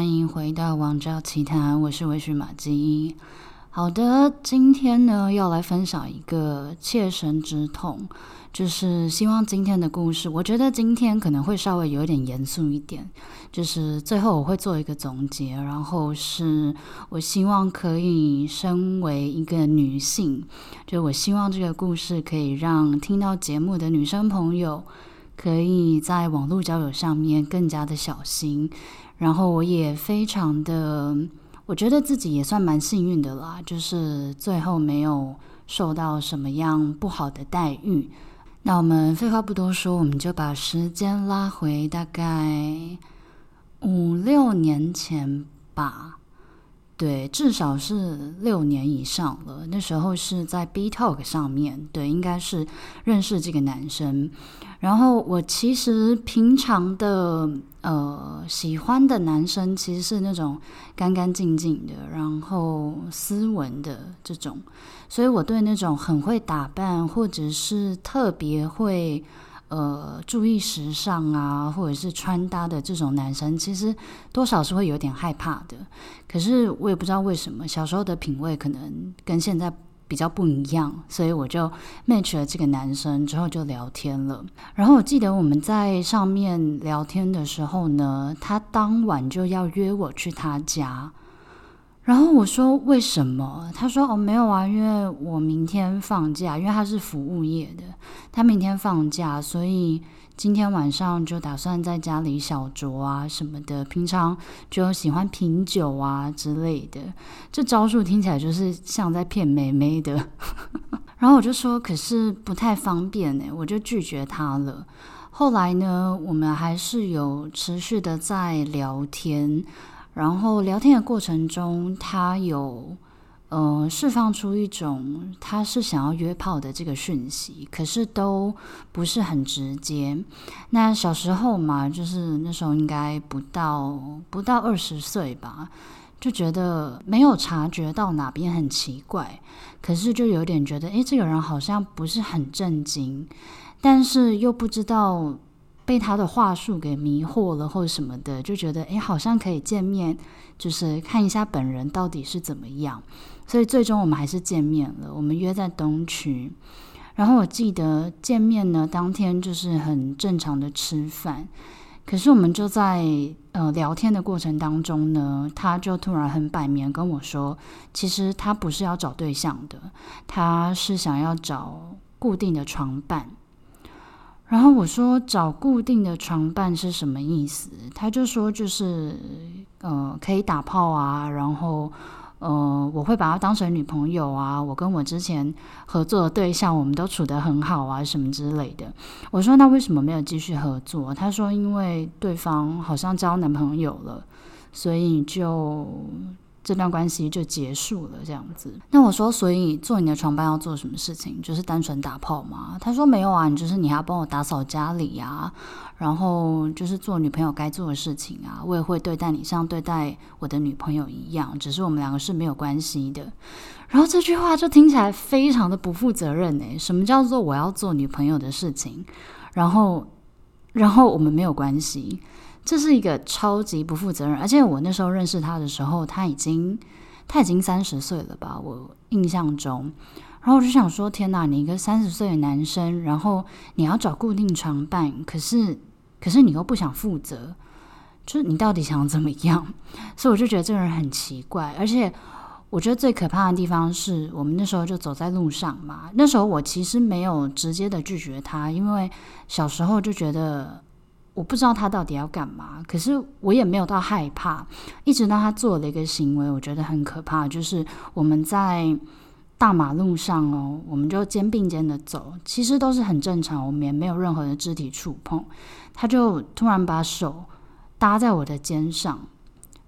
歡迎回到王昭奇談，我是微醺瑪姬。好的，今天呢要來分享一個切身之痛，就是希望今天的故事，我覺得今天可能會稍微有點嚴肅一點。就是最後我會做一個總結，然後是我希望可以身為一個女性，就我希望這個故事可以讓聽到節目的女生朋友，可以在網絡交友上面更加的小心，然後我也非常的，我覺得自己也算蠻幸運的啦，就是最後沒有受到什麼樣不好的待遇。那我們廢話不多說，我們就把時間拉回大概五六年前吧。對，至少是六年以上了。那時候是在 B Talk 上面，對，應該是認識這個男生。然後我其實平常的呃喜歡的男生其實是那種乾乾淨淨的，然後斯文的這種。所以我對那種很會打扮或者是特別會。呃，注意時尚啊，或者是穿搭的這種男生，其實多少是會有點害怕的。可是我也不知道為什麼，小時候的品味可能跟現在比較不一樣，所以我就 match 了這個男生，之後就聊天了。然後我記得我們在上面聊天的時候呢，他當晚就要約我去他家。然後我說：“為什麼？”他說：“哦，沒有啊，因為我明天放假，因為他是服務業的，他明天放假，所以今天晚上就打算在家裡小酌啊什麼的。平常就喜歡品酒啊之類的。這招數聽起來就是像在騙妹妹的。 ”然後我就說：“可是不太方便耶，我就拒絕他了。”後來呢，我們還是有持續的在聊天。然後聊天的過程中，他有嗯、呃、釋放出一種他是想要約炮的這個訊息，可是都不是很直接。那小時候嘛，就是那時候應該不到不到二十歲吧，就覺得沒有察覺到哪邊很奇怪，可是就有點覺得，哎，這個人好像不是很正經，但是又不知道。被他的話術給迷惑了，或者什麼的，就覺得誒，好像可以見面，就是看一下本人到底是怎麼樣。所以最終我們還是見面了，我們約在東區。然後我記得見面呢，當天就是很正常的吃飯，可是我們就在呃聊天的過程當中呢，他就突然很擺明跟我說，其實他不是要找對象的，他是想要找固定的床伴。然後我說，找固定的床伴是什麼意思？他就說就是呃可以打炮啊，然後呃我會把她當成女朋友啊，我跟我之前合作的對象，我們都處得很好啊，什麼之類的。我說那為什麼沒有繼續合作？他說因為對方好像交男朋友了，所以就。這段關係就結束了，這樣子。那我說，所以做你的床伴要做什麼事情？就是單純打炮嗎？他說沒有啊，你就是你還要幫我打掃家裡啊，然後就是做女朋友該做的事情啊。我也會對待你像對待我的女朋友一樣，只是我們兩個是沒有關係的。然後這句話就聽起來非常的不負責任哎、欸。什麼叫做我要做女朋友的事情？然後，然後我們沒有關係。這是一個超級不負責任，而且我那時候認識他的時候，他已經他已經三十歲了吧，我印象中。然後我就想說，天哪，你一個三十歲的男生，然後你要找固定床伴，可是可是你又不想負責，就是你到底想怎麼樣？所以我就覺得這個人很奇怪。而且我覺得最可怕的地方是我們那時候就走在路上嘛，那時候我其實沒有直接的拒絕他，因為小時候就覺得。我不知道他到底要幹嘛，可是我也沒有到害怕。一直到他做了一個行為，我覺得很可怕，就是我們在大馬路上哦，我們就肩並肩的走，其實都是很正常，我們也沒有任何的肢體觸碰，他就突然把手搭在我的肩上。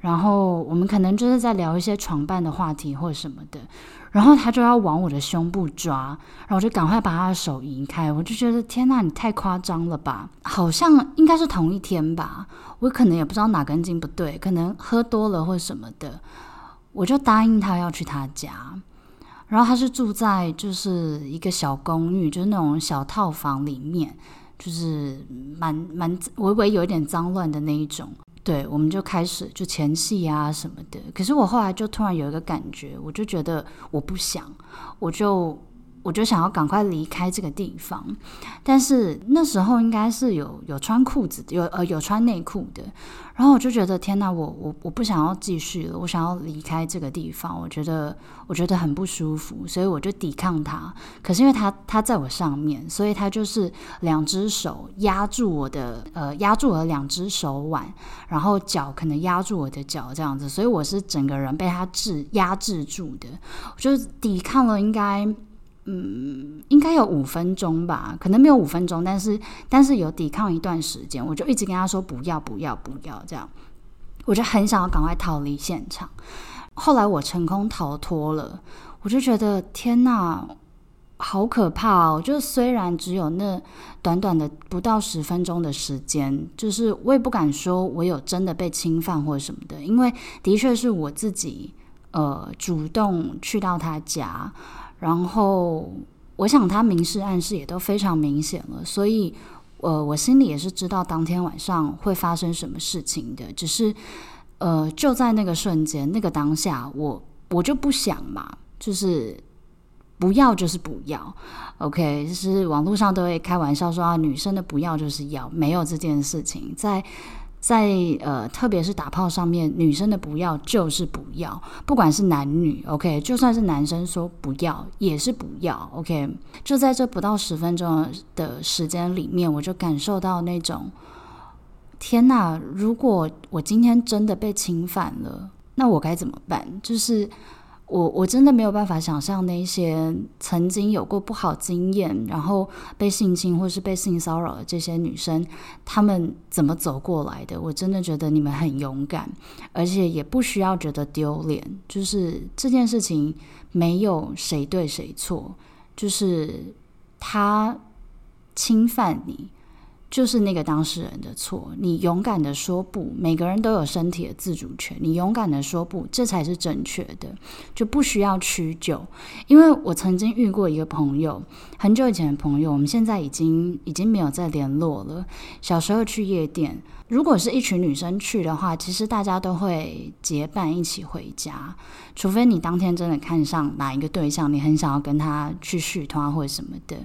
然後我們可能就是在聊一些床伴的話題或者什麼的，然後他就要往我的胸部抓，然後我就趕快把他的手移開。我就覺得天哪，你太誇張了吧！好像應該是同一天吧，我可能也不知道哪根筋不對，可能喝多了或什麼的，我就答應他要去他家。然後他是住在就是一個小公寓，就是那種小套房裡面，就是蠻蠻微微有一點髒亂的那一種。對，我們就開始就前戲啊什麼的。可是我後來就突然有一個感覺，我就覺得我不想，我就。我就想要趕快離開這個地方，但是那時候應該是有有穿褲子的，有呃有穿內褲的，然後我就覺得天吶，我我我不想要繼續了，我想要離開這個地方，我覺得我覺得很不舒服，所以我就抵抗他。可是因為他他在我上面，所以他就是兩隻手壓住我的呃壓住了兩隻手腕，然後腳可能壓住我的腳這樣子，所以我是整個人被他制壓制住的。我就抵抗了，應該。嗯，應該有五分鐘吧，可能沒有五分鐘，但是但是有抵抗一段時間，我就一直跟他說不要不要不要這樣，我就很想要趕快逃離現場。後來我成功逃脫了，我就覺得天哪、啊，好可怕哦！就雖然只有那短短的不到十分鐘的時間，就是我也不敢說我有真的被侵犯或者什麼的，因為的確是我自己呃主動去到他家。然後，我想他明示暗示也都非常明顯了，所以，呃，我心裡也是知道當天晚上會發生什麼事情的。只是，呃，就在那個瞬間、那個當下，我我就不想嘛，就是不要，就是不要。OK，就是網絡上都會開玩笑說啊，女生的不要就是要，沒有這件事情在。在呃，特別是打炮上面，女生的不要就是不要，不管是男女，OK，就算是男生說不要也是不要，OK。就在這不到十分鐘的時間裡面，我就感受到那種，天哪！如果我今天真的被侵犯了，那我該怎麼辦？就是。我我真的沒有辦法想象那些曾經有過不好經驗，然後被性侵或是被性騷擾的這些女生，她們怎麼走過來的？我真的覺得你們很勇敢，而且也不需要覺得丟臉。就是這件事情沒有誰對誰錯，就是他侵犯你。就是那個當事人的錯。你勇敢的說不，每個人都有身體的自主權。你勇敢的說不，這才是正確的，就不需要屈就。因為我曾經遇過一個朋友，很久以前的朋友，我們現在已經已經沒有再聯絡了。小時候去夜店，如果是一群女生去的話，其實大家都會結伴一起回家，除非你當天真的看上哪一個對象，你很想要跟他去續攤啊或者什麼的。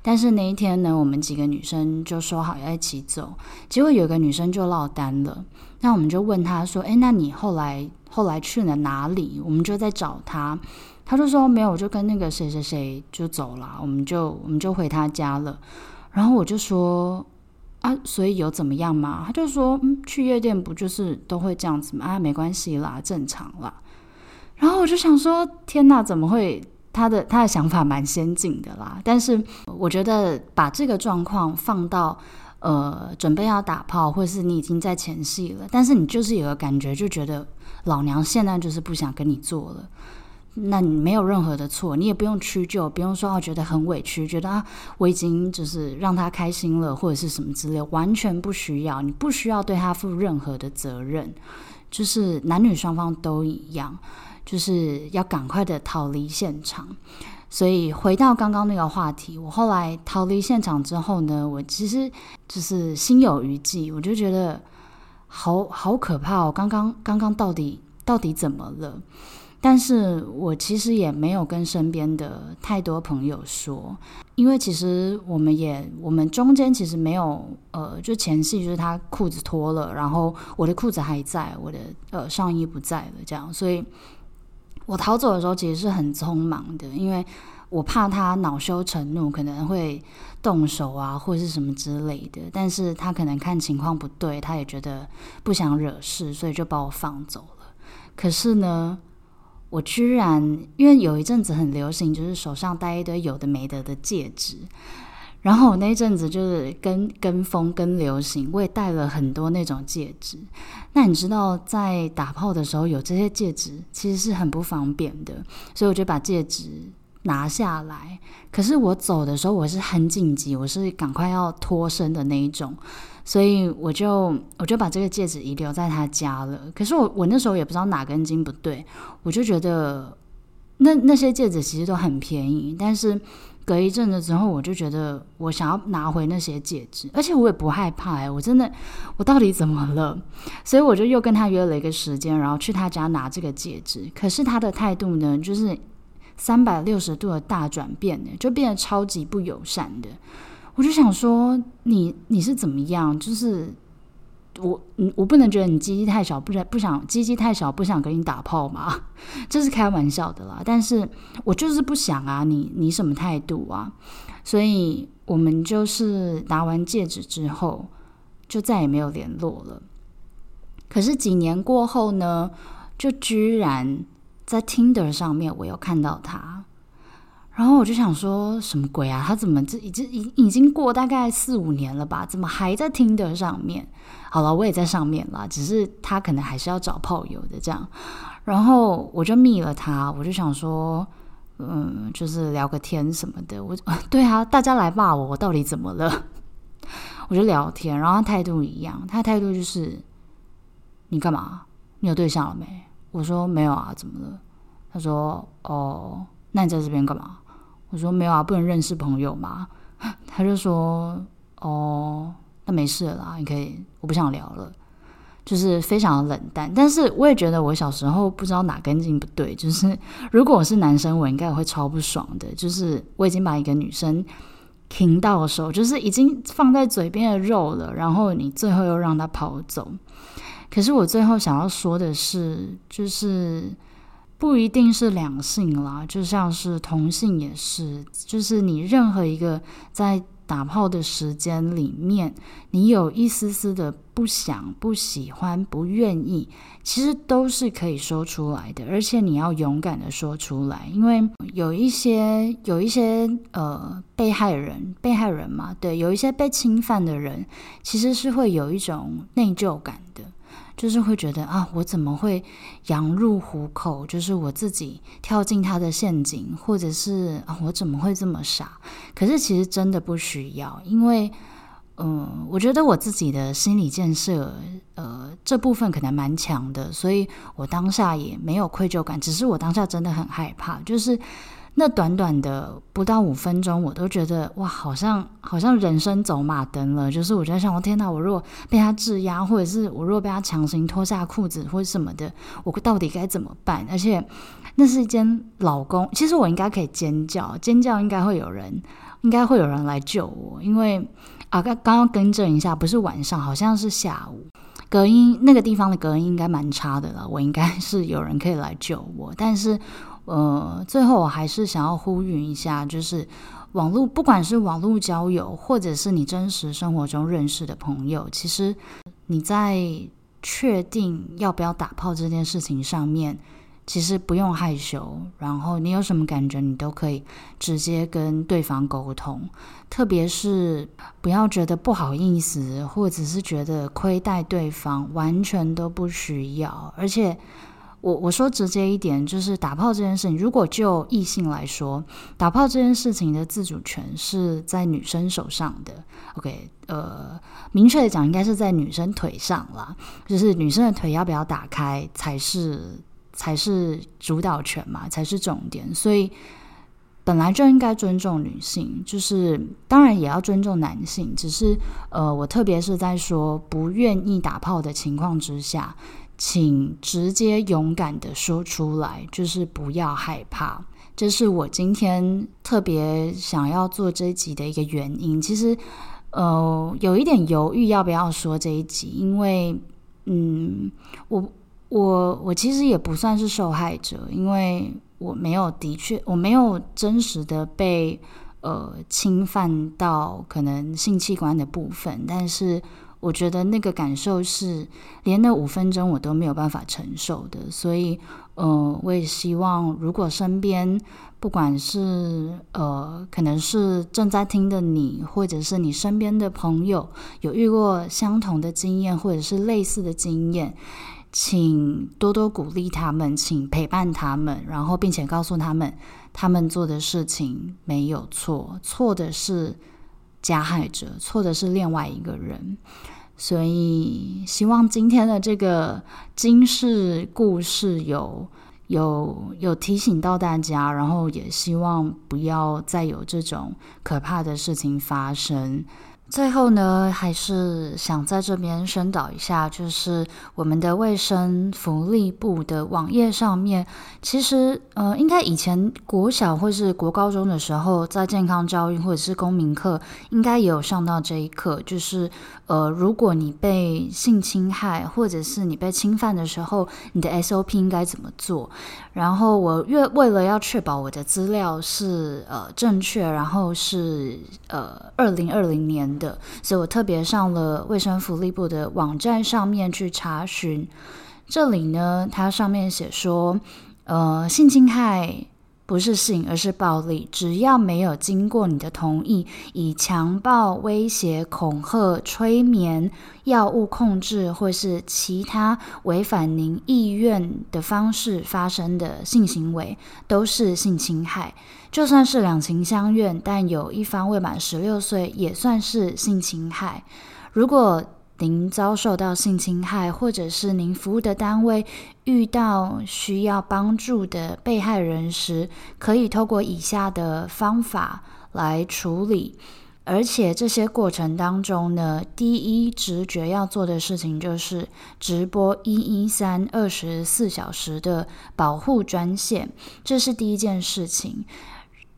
但是那一天呢，我們幾個女生就說好要一起走，結果有個女生就落單了。那我們就問她說：“誒、欸，那你後來後來去了哪裡？”我們就在找她，她就說：“哦、沒有，我就跟那個誰誰誰就走了。”我們就我們就回她家了。然後我就說。啊，所以有怎麼樣嗎？他就說，嗯，去夜店不就是都會這樣子嗎？啊，沒關係啦，正常啦。然後我就想說，天哪，怎麼會？他的他的想法蠻先進的啦。但是我覺得把這個狀況放到，呃，準備要打炮，或是你已經在前戲了，但是你就是有個感覺，就覺得老娘現在就是不想跟你做了。那你沒有任何的錯，你也不用屈就，不用說哦，覺得很委屈，覺得啊，我已經就是讓他開心了，或者是什麼之類，完全不需要，你不需要對他負任何的責任，就是男女雙方都一樣，就是要趕快的逃離現場。所以回到剛剛那個話題，我後來逃離現場之後呢，我其實就是心有餘悸，我就覺得好好可怕哦，剛剛剛剛到底到底怎麼了？但是我其實也沒有跟身邊的太多朋友說，因為其實我們也我們中間其實沒有呃，就前戲就是他褲子脫了，然後我的褲子還在，我的呃上衣不在了，這樣，所以我逃走的時候其實是很匆忙的，因為我怕他惱羞成怒可能會動手啊，或是什麼之類的。但是他可能看情況不對，他也覺得不想惹事，所以就把我放走了。可是呢，我居然，因為有一陣子很流行，就是手上戴一堆有的沒的的戒指，然後我那陣子就是跟跟風跟流行，我也戴了很多那種戒指。那你知道，在打炮的時候有這些戒指，其實是很不方便的，所以我就把戒指。拿下來，可是我走的時候我是很緊急，我是趕快要脫身的那一種，所以我就我就把這個戒指遺留在他家了。可是我我那時候也不知道哪根筋不對，我就覺得那那些戒指其實都很便宜，但是隔一陣子之後，我就覺得我想要拿回那些戒指，而且我也不害怕哎、欸，我真的我到底怎麼了？所以我就又跟他約了一個時間，然後去他家拿這個戒指。可是他的態度呢，就是。三百六十度的大轉變呢，就變得超級不友善的。我就想說，你你是怎麼樣？就是我，我不能覺得你雞雞太小不，不不想雞雞太小，不想跟你打炮嘛，這是開玩笑的啦。但是我就是不想啊，你你什麼態度啊？所以我們就是拿完戒指之後，就再也沒有聯絡了。可是幾年過後呢，就居然，在 Tinder 上面，我有看到他，然後我就想說，什麼鬼啊？他怎麼這已經已已經過大概四五年了吧？怎麼還在 Tinder 上面？好了，我也在上面啦，只是他可能還是要找炮友的這樣。然後我就密了他，我就想說，嗯，就是聊個天什麼的。我，啊對啊，大家來罵我，我到底怎麼了？我就聊天，然後他態度一樣，他的態度就是，你幹嘛？你有對象了沒？我說沒有啊，怎麼了？他說哦，那你在這邊幹嘛？我說沒有啊，不能認識朋友嘛。他就說哦，那沒事了啦，你可以，我不想聊了，就是非常冷淡。但是我也覺得，我小時候不知道哪根筋不對，就是如果我是男生，我應該也會超不爽的。就是我已經把一個女生擒到手，就是已經放在嘴邊的肉了，然後你最後又讓他跑走。可是我最後想要說的是，就是不一定是兩性啦，就像是同性也是，就是你任何一個在打炮的時間裡面，你有一絲絲的不想、不喜歡、不願意，其實都是可以說出來的，而且你要勇敢的說出來，因為有一些有一些呃被害人，被害人嘛，對，有一些被侵犯的人其實是會有一種內疚感的。就是會覺得啊，我怎麼會羊入虎口？就是我自己跳進他的陷阱，或者是啊，我怎麼會這麼傻？可是其實真的不需要，因為嗯、呃，我覺得我自己的心理建設，呃，這部分可能蠻強的，所以我當下也沒有愧疚感，只是我當下真的很害怕，就是。那短短的不到五分鐘，我都覺得哇，好像好像人生走馬燈了。就是我在想，我天哪，我如果被他制壓，或者是我若被他強行脫下褲子或者什麼的，我到底該怎麼辦？而且那是一間老公，其實我應該可以尖叫，尖叫應該會有人，應該會有人來救我。因為啊，剛剛要更正一下，不是晚上，好像是下午。隔音那個地方的隔音應該蠻差的了，我應該是有人可以來救我，但是。呃，最後我還是想要呼籲一下，就是網絡，不管是網絡交友，或者是你真實生活中認識的朋友，其實你在確定要不要打炮這件事情上面，其實不用害羞，然後你有什麼感覺，你都可以直接跟對方溝通，特別是不要覺得不好意思，或者是覺得虧待對方，完全都不需要，而且。我我說直接一點，就是打炮這件事情，如果就異性來說，打炮這件事情的自主權是在女生手上的。OK，呃，明確的講，應該是在女生腿上啦，就是女生的腿要不要打開，才是才是主導權嘛，才是重點。所以本來就應該尊重女性，就是當然也要尊重男性，只是呃，我特別是在說不願意打炮的情況之下。請直接勇敢的說出來，就是不要害怕，這是我今天特別想要做這一集的一個原因。其實，呃，有一點猶豫要不要說這一集，因為，嗯，我我我其實也不算是受害者，因為我沒有的確我沒有真實的被呃侵犯到可能性器官的部分，但是。我覺得那個感受是，連那五分鐘我都沒有辦法承受的。所以，嗯、呃，我也希望，如果身邊不管是呃，可能是正在聽的你，或者是你身邊的朋友，有遇過相同的經驗或者是類似的經驗，請多多鼓勵他們，請陪伴他們，然後並且告訴他們，他們做的事情沒有錯，錯的是。加害者，錯的是另外一個人，所以希望今天的這個勸世故事有有有提醒到大家，然後也希望不要再有這種可怕的事情發生。最後呢，還是想在這邊宣導一下，就是我們的衛生福利部的網頁上面，其實呃，應該以前國小或是國高中的時候，在健康教育或者是公民課，應該也有上到這一課，就是呃，如果你被性侵害或者是你被侵犯的時候，你的 SOP 應該怎麼做？然後我越為了要確保我的資料是呃正確，然後是呃二零二零年的，所以我特別上了衛生福利部的網站上面去查詢，這裡呢，它上面寫說，呃，性侵害。不是性，而是暴力。只要沒有經過你的同意，以強暴、威脅、恐嚇、催眠、藥物控制或是其他違反您意願的方式發生的性行為，都是性侵害。就算是兩情相悅，但有一方未滿十六歲，也算是性侵害。如果您遭受到性侵害，或者是您服務的單位遇到需要幫助的被害人時，可以透過以下的方法來處理。而且這些過程當中呢，第一直覺要做的事情就是直撥一一三二十四小時的保護專線，這是第一件事情。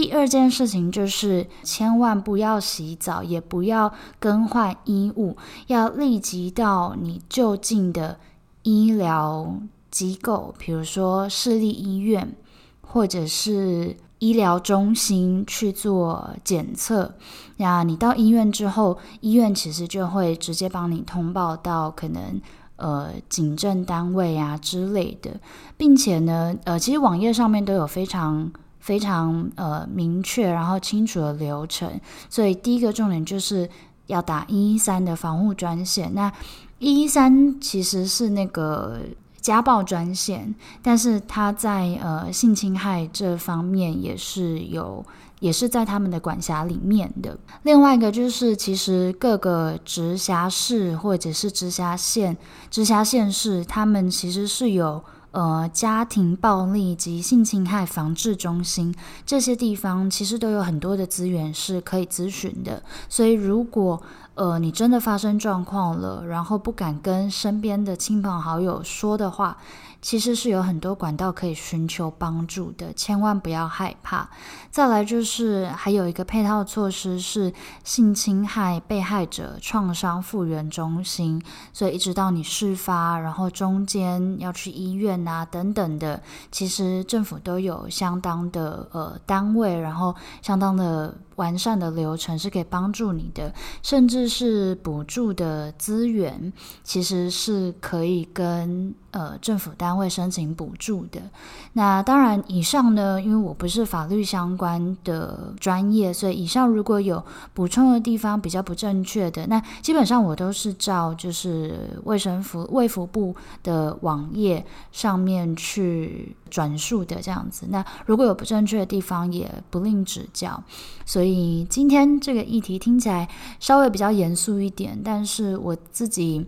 第二件事情就是千萬不要洗澡，也不要更換衣物，要立即到你就近的醫療機構，比如說市立醫院或者是醫療中心去做檢測。那、啊、你到醫院之後，醫院其實就會直接幫你通報到可能呃警政單位啊之類的，並且呢，呃，其實網頁上面都有非常。非常呃明確，然後清楚的流程。所以第一個重點就是要打一一三的防護專線。那一一三其實是那個家暴專線，但是它在呃性侵害這方面也是有，也是在他們的管轄裡面的。另外一個就是，其實各個直轄市或者是直轄縣、直轄縣市，他們其實是有。呃，家庭暴力及性侵害防治中心這些地方其實都有很多的資源是可以諮詢的，所以如果呃你真的發生狀況了，然後不敢跟身邊的親朋好友說的話。其實是有很多管道可以尋求幫助的，千萬不要害怕。再來就是還有一個配套措施是性侵害被害者創傷復原中心，所以一直到你事發，然後中間要去醫院啊等等的，其實政府都有相當的呃單位，然後相當的。完善的流程是可以幫助你的，甚至是補助的資源，其實是可以跟呃政府單位申請補助的。那當然，以上呢，因為我不是法律相關的專業，所以以上如果有補充的地方比較不正確的，那基本上我都是照就是衛生服衛福部的網頁上面去。轉述的這樣子，那如果有不正確的地方，也不吝指教。所以今天這個議題聽起來稍微比較嚴肅一點，但是我自己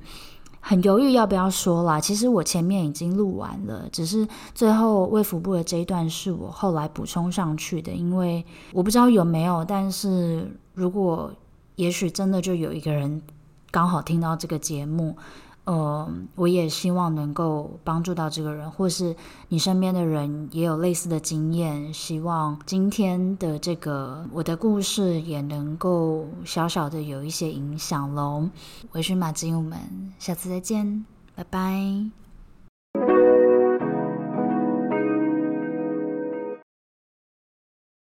很猶豫要不要說啦。其實我前面已經錄完了，只是最後衛福部的這一段是我後來補充上去的，因為我不知道有沒有，但是如果也許真的就有一個人剛好聽到這個節目，嗯、呃，我也希望能夠幫助到這個人，或是你身邊的人也有類似的經驗。希望今天的這個我的故事也能夠小小的有一些影響嘍。嗯、我是瑪姬，我們，下次再見，拜拜。